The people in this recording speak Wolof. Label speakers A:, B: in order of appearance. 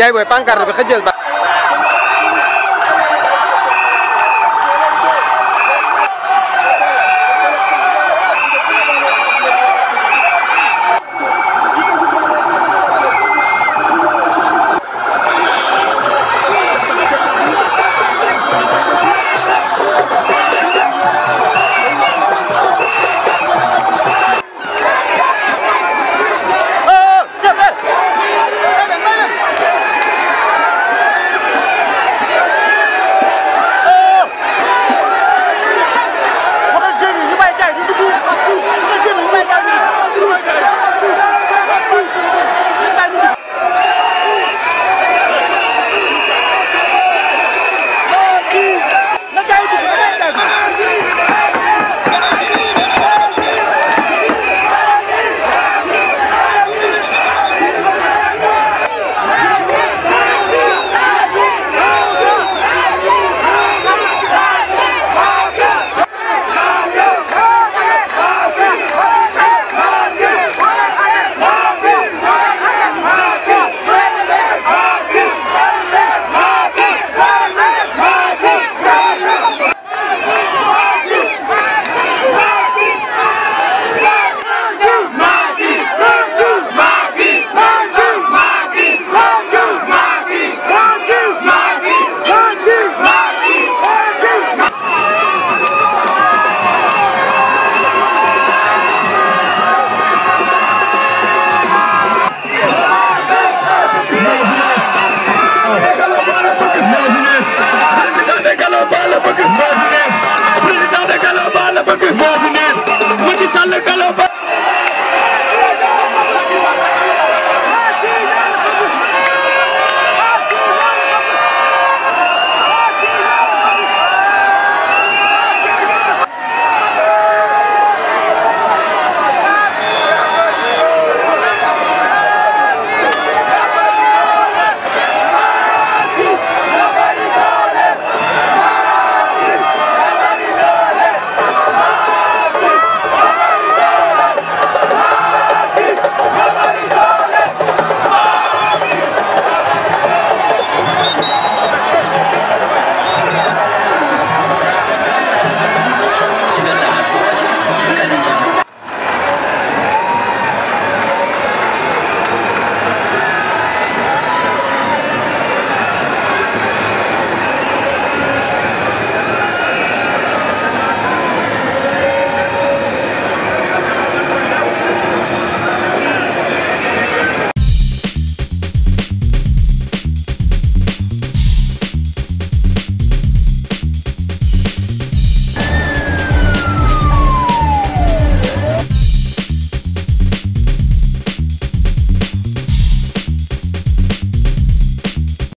A: yaay booy pancarte bi xëjël ba